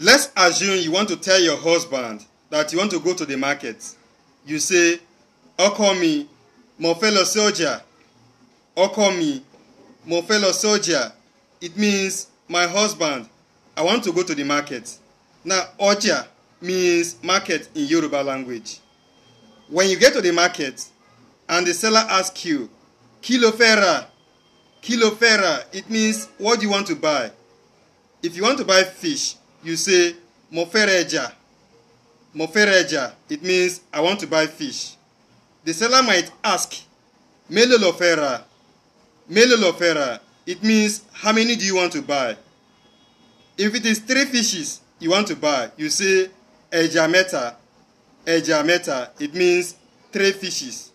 Let's assume you want to tell your husband that you want to go to the market. You say, Ọkọ mi, mo fẹ́ lọ sí Ọkọ mi, mo fẹ́ lọ sí It means, my husband, I want to go to the market. Now, ọjà means market in Yoruba language. When you get to the market and the seller asks you, Kí lo fẹ́ rà? It means, what do you want to buy? If you want to buy fish, you say mofereja mofereja it means i want to buy fish the seller might ask mélòó lo fẹ́ rà mélòó lo fẹ́ rà it means how many do you want to buy if it is three fishes you want to buy you say ẹja mẹ́ta ẹja mẹ́ta it means three fishes